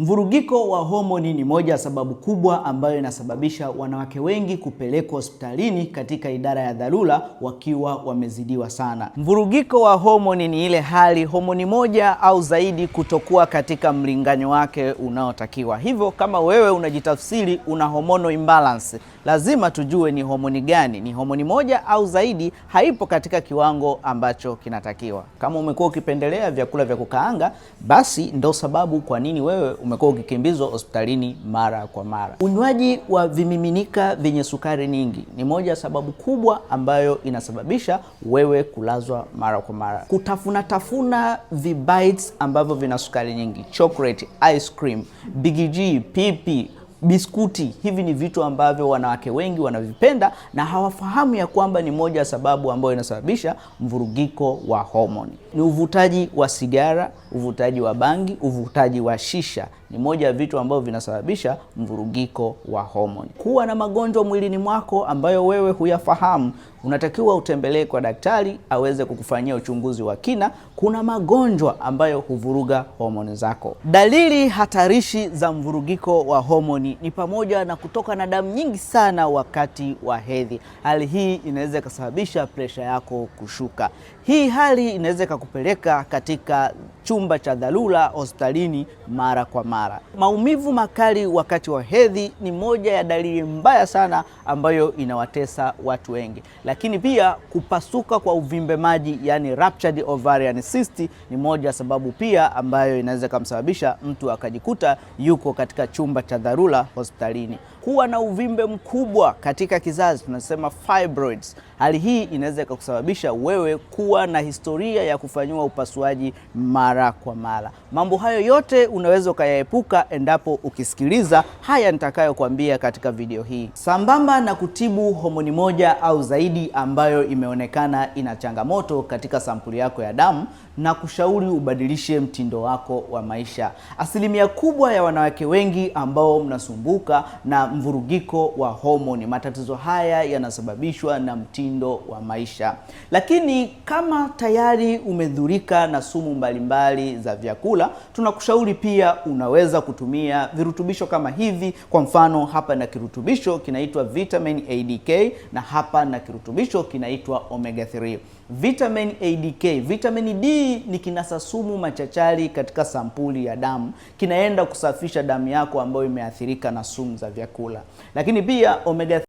Mvurugiko wa homoni ni moja ya sababu kubwa ambayo inasababisha wanawake wengi kupelekwa hospitalini katika idara ya dharura wakiwa wamezidiwa sana. Mvurugiko wa homoni ni ile hali homoni moja au zaidi kutokuwa katika mlinganyo wake unaotakiwa. Hivyo kama wewe unajitafsiri una homono imbalance, lazima tujue ni homoni gani, ni homoni moja au zaidi haipo katika kiwango ambacho kinatakiwa. Kama umekuwa ukipendelea vyakula vya kukaanga, basi ndo sababu kwa nini wewe umekuwa ukikimbizwa hospitalini mara kwa mara. Unywaji wa vimiminika vyenye sukari nyingi ni moja sababu kubwa ambayo inasababisha wewe kulazwa mara kwa mara. Kutafuna tafuna vibites ambavyo vina sukari nyingi, chocolate, ice cream, bigiji, pipi biskuti hivi ni vitu ambavyo wanawake wengi wanavipenda na hawafahamu ya kwamba ni moja ya sababu ambayo inasababisha mvurugiko wa homoni. Ni uvutaji wa sigara, uvutaji wa bangi, uvutaji wa shisha ni moja ya vitu ambavyo vinasababisha mvurugiko wa homoni. Kuwa na magonjwa mwilini mwako ambayo wewe huyafahamu, unatakiwa utembelee kwa daktari aweze kukufanyia uchunguzi wa kina. Kuna magonjwa ambayo huvuruga homoni zako. Dalili hatarishi za mvurugiko wa homoni ni pamoja na kutoka na damu nyingi sana wakati wa hedhi. Hali hii inaweza ikasababisha presha yako kushuka. Hii hali inaweza ikakupeleka katika chumba cha dharura hospitalini mara kwa mara. Maumivu makali wakati wa hedhi ni moja ya dalili mbaya sana ambayo inawatesa watu wengi, lakini pia kupasuka kwa uvimbe maji, yani ruptured ovarian cyst, ni moja ya sababu pia ambayo inaweza kumsababisha mtu akajikuta yuko katika chumba cha dharura hospitalini. Kuwa na uvimbe mkubwa katika kizazi tunasema fibroids. Hali hii inaweza ikakusababisha wewe kuwa na historia ya kufanyiwa upasuaji mara mara kwa mara. Mambo hayo yote unaweza ukayaepuka endapo ukisikiliza haya nitakayokuambia katika video hii. Sambamba na kutibu homoni moja au zaidi ambayo imeonekana ina changamoto katika sampuli yako ya damu, na kushauri ubadilishe mtindo wako wa maisha. Asilimia kubwa ya wanawake wengi ambao mnasumbuka na mvurugiko wa homoni, matatizo haya yanasababishwa na mtindo wa maisha. Lakini kama tayari umedhurika na sumu mbalimbali mbalimbali za vyakula. Tunakushauri pia unaweza kutumia virutubisho kama hivi. Kwa mfano, hapa na kirutubisho kinaitwa vitamin ADK na hapa na kirutubisho kinaitwa omega 3. Vitamin ADK, vitamin D ni kinasa sumu machachari katika sampuli ya damu, kinaenda kusafisha damu yako ambayo imeathirika na sumu za vyakula, lakini pia omega